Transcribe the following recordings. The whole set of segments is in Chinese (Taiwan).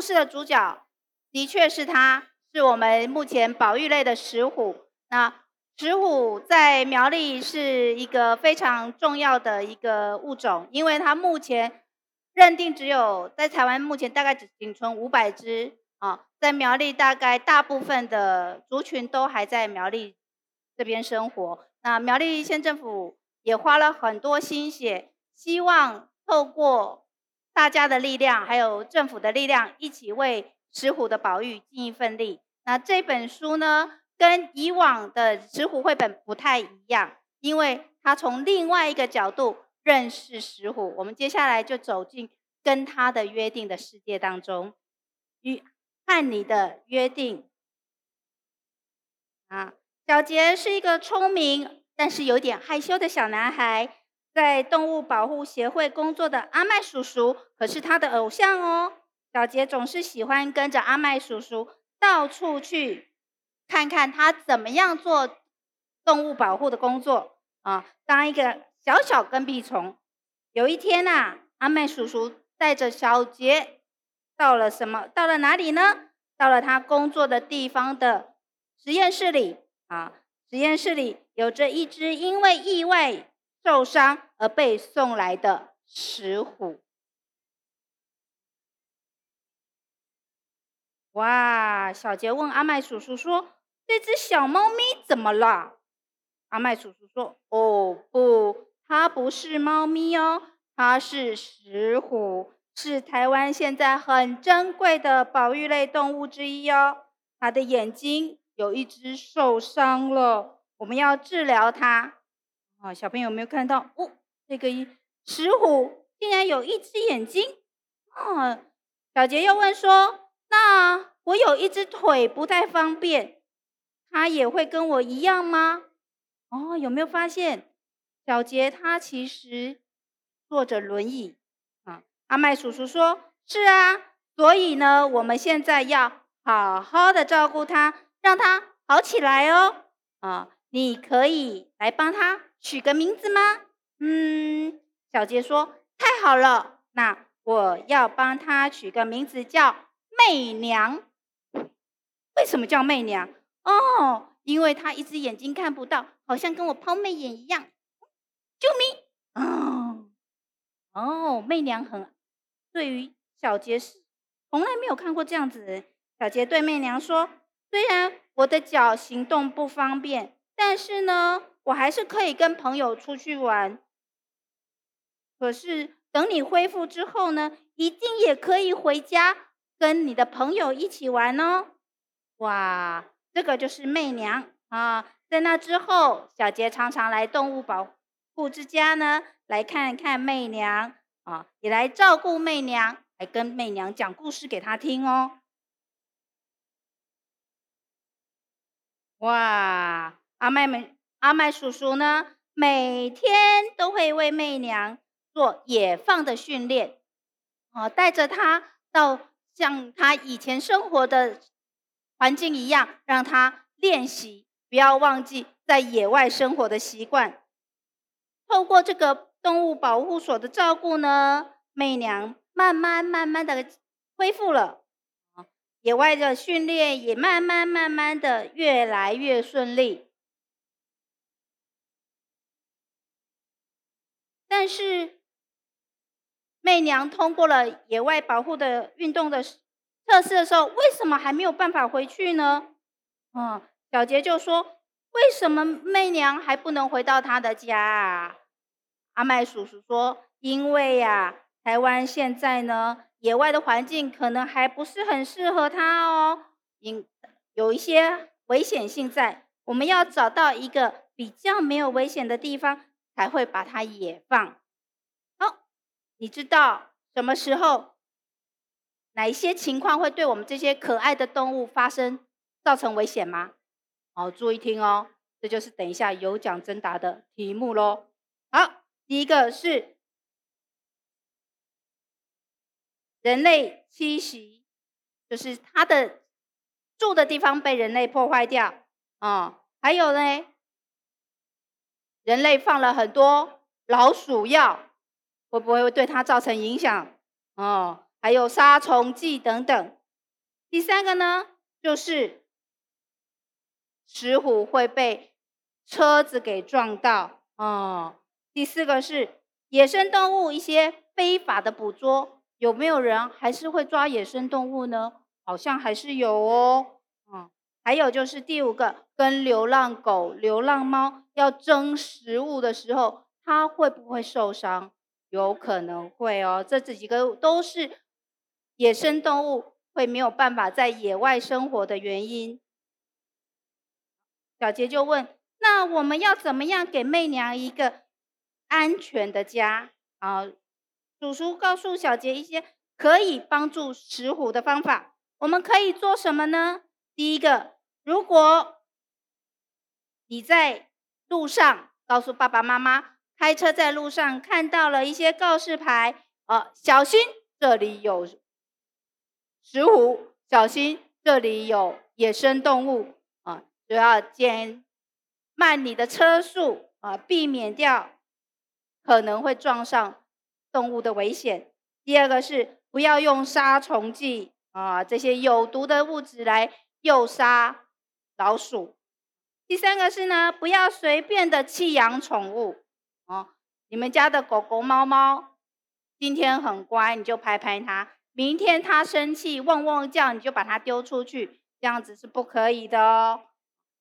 故事的主角的確是它，是我們目前保育類的石虎。那石虎在苗栗是一個非常重要的一個物種，因為它目前認定只有在台灣目前大概只僅存五百隻啊，在苗栗大概大部分的族群都還在苗栗這邊生活。那苗栗縣政府也花了很多心血，希望透過大家的力量，還有政府的力量，一起為石虎的保育盡一份力。那這本書呢，跟以往的石虎繪本不太一樣，因為他從另外一個角度認識石虎。我們接下來就走進跟他的約定的世界當中，《和你的約定》啊，小杰是一個聰明但是有點害羞的小男孩。在動物保護協會工作的阿麥叔叔可是他的偶像哦。小杰總是喜歡跟着阿麥叔叔到處去看看他怎麼樣做動物保護的工作啊。當一個小小跟屁蟲。有一天吶、啊，阿麥叔叔帶着小杰到了什麼？到了哪裡呢？到了他工作的地方的實驗室裡啊。實驗室裡有着一隻因為意外，受傷而被送來的石虎。哇，小杰問阿麥叔叔說：“這隻小貓咪怎麼了？”阿麥叔叔說：“哦不，它不是貓咪哦，它是石虎，是台灣現在很珍貴的保育類動物之一哦。它的眼睛有一隻受傷了，我們要治療它。”啊、哦，小朋友有沒有看到？哦，這個一，石虎竟然有一只眼睛啊、哦！小杰又問說：“那我有一只腿不太方便，他也會跟我一樣嗎？”哦，有沒有發現小杰他其實坐着輪椅啊？阿麥叔叔說：“是啊，所以呢，我們現在要好好的照顧他，讓他好起來哦。”啊，你可以來幫他。取個名字嗎？嗯，小杰說太好了，那我要幫他取個名字叫媚娘。為什麼叫媚娘？哦，因為她一只眼睛看不到，好像跟我拋媚眼一樣。救命！哦，媚娘很對於小杰是從來沒有看過這樣子。小杰對媚娘說：“雖然我的腳行動不方便。”但是呢，我還是可以跟朋友出去玩。可是等你恢復之後呢，一定也可以回家跟你的朋友一起玩哦。哇，這個就是媚娘啊。在那之後，小杰常常來動物保護之家呢，來看看媚娘啊，也來照顧媚娘，還跟媚娘講故事給她聽哦。哇。阿麥們，阿麥叔叔呢，每天都會為媚娘做野放的訓練，啊，帶着她到像她以前生活的環境一樣，讓她練習，不要忘記在野外生活的習慣。透過這個動物保護所的照顧呢，媚娘慢慢慢慢的恢復了，啊，野外的訓練也慢慢慢慢的越來越順利。但是，媚娘通過了野外保護的運動的測試的時候，為什麼還沒有辦法回去呢？嗯，小傑就說：“為什麼媚娘還不能回到她的家啊？”阿麥叔叔說：“因為呀、啊，臺灣現在呢，野外的環境可能還不是很適合她哦，因，有一些危險性在，我們要找到一個比較沒有危險的地方。”才會把它野放。好，你知道什麼時候、哪一些情況會對我們這些可愛的動物發生造成危險嗎？好，注意聽哦，這就是等一下有獎徵答的題目嘍。好，第一個是人類侵襲，就是它的住的地方被人類破壞掉。啊，還有呢？人類放了很多老鼠藥，會不會對它造成影響？哦、嗯，還有殺蟲劑等等。第三個呢，就是石虎會被車子給撞到。哦、嗯，第四個是野生動物一些非法的捕捉，有沒有人還是會抓野生動物呢？好像還是有哦。嗯，還有就是第五個，跟流浪狗、流浪貓。要爭食物的時候，它會不會受傷？有可能會哦。這這幾個都是野生動物會沒有辦法在野外生活的原因。小杰就問：那我們要怎麼樣給媚娘一個安全的家啊？叔叔告訴小杰一些可以幫助石虎的方法。我們可以做什麼呢？第一個，如果你在路上告訴爸爸媽媽，開車在路上看到了一些告示牌，啊，小心這裡有石虎，小心這裡有野生動物啊，主要減慢你的車速啊，避免掉可能會撞上動物的危險。第二個是不要用殺蟲劑啊，這些有毒的物質來誘殺老鼠。第三個是呢，不要隨便的棄養寵物哦。你們家的狗狗、貓貓，今天很乖，你就拍拍它；明天它生氣、汪汪叫，你就把它丟出去。這樣子是不可以的哦，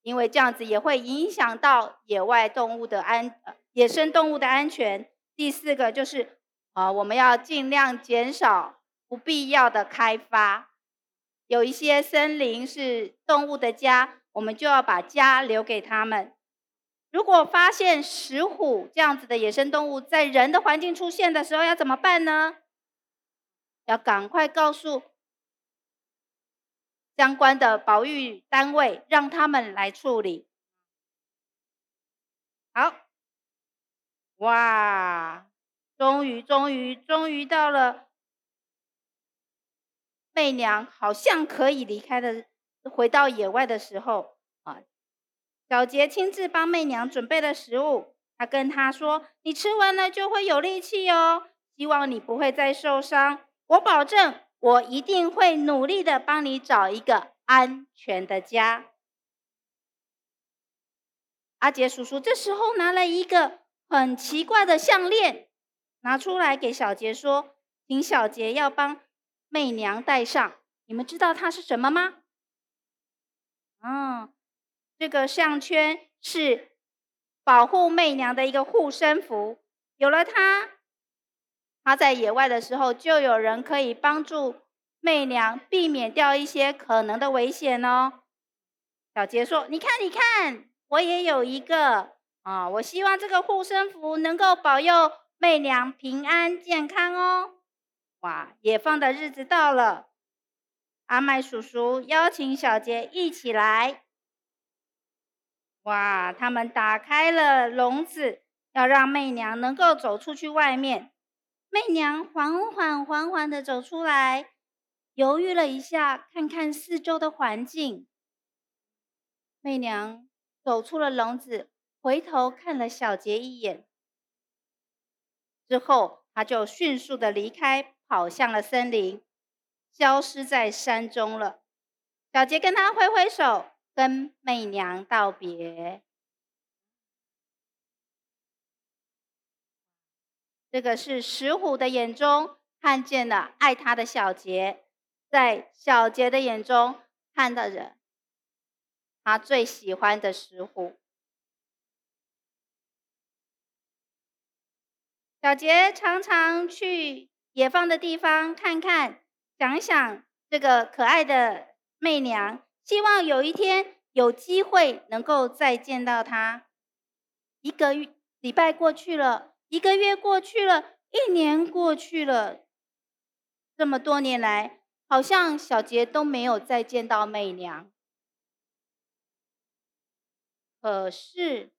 因為這樣子也會影響到野外動物的安，呃，野生動物的安全。第四個就是啊、哦，我們要儘量減少不必要的開發。有一些森林是動物的家。我們就要把家留給他們。如果發現石虎這樣子的野生動物在人的環境出現的時候，要怎麼辦呢？要趕快告訴相關的保育單位，讓他們來處理。好，哇，終於，終於，終於到了。媚娘好像可以離開的。回到野外的時候，啊，小杰親自幫媚娘準備了食物。他跟她說：“你吃完了就會有力氣哦，希望你不會再受傷。我保證，我一定會努力的幫你找一個安全的家。”阿杰叔叔這時候拿了一個很奇怪的項鏈，拿出來給小杰說：“請小杰要幫媚娘戴上。你們知道它是什麼嗎？”嗯，這個項圈是保護媚娘的一個護身符，有了它，她在野外的時候就有人可以幫助媚娘避免掉一些可能的危險哦。小杰說：“你看，你看，我也有一個啊！我希望這個護身符能夠保佑媚娘平安健康哦。”哇，野放的日子到了。阿麥叔叔邀請小杰一起來。哇，他們打開了籠子，要讓媚娘能夠走出去外面。媚娘緩緩緩緩地走出來，猶豫了一下，看看四周的環境。媚娘走出了籠子，回頭看了小杰一眼。之後她就迅速的離開，跑向了森林。消失在山中了。小杰跟他揮揮手，跟媚娘道別。這個是石虎的眼中看見了愛他的小杰，在小杰的眼中看到着他最喜歡的石虎。小杰常常去野放的地方看看。想想這個可愛的媚娘，希望有一天有機會能夠再見到她。一個禮拜過去了，一個月過去了，一年過去了，這麼多年來，好像小杰都沒有再見到媚娘。可是，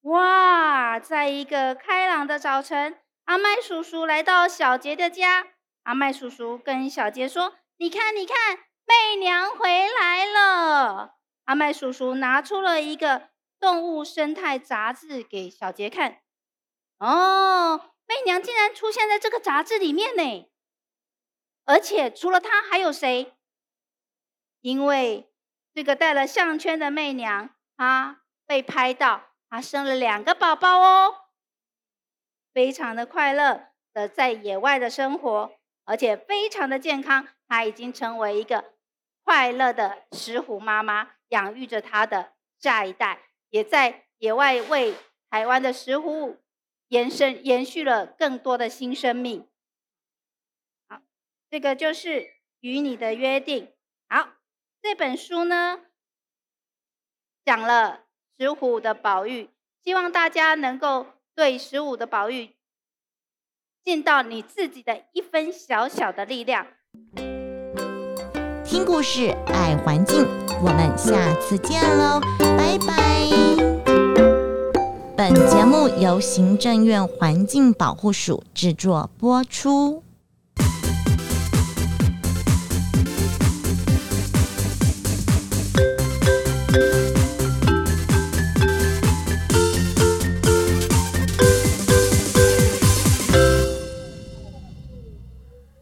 哇，在一個開朗的早晨，阿麥叔叔來到小杰的家。阿麥叔叔跟小杰說：“你看，你看，媚娘回來了。”阿麥叔叔拿出了一個動物生態雜誌給小杰看。哦，媚娘竟然出現在這個雜誌裡面呢！而且除了她，還有誰？因為這個戴了項圈的媚娘，她被拍到，她生了兩個寶寶哦，非常的快樂的在野外的生活。而且非常的健康，她已經成為一個快樂的石虎媽媽，養育着她的下一代，也在野外為台灣的石虎延伸、延續了更多的新生命。好，這個就是與你的約定。好，這本書呢講了石虎的保育，希望大家能夠對石虎的保育。盡到你自己的一份小小的力量。聽故事，愛環境，我們下次見嘍，拜拜。本節目由行政院環境保護署制作播出。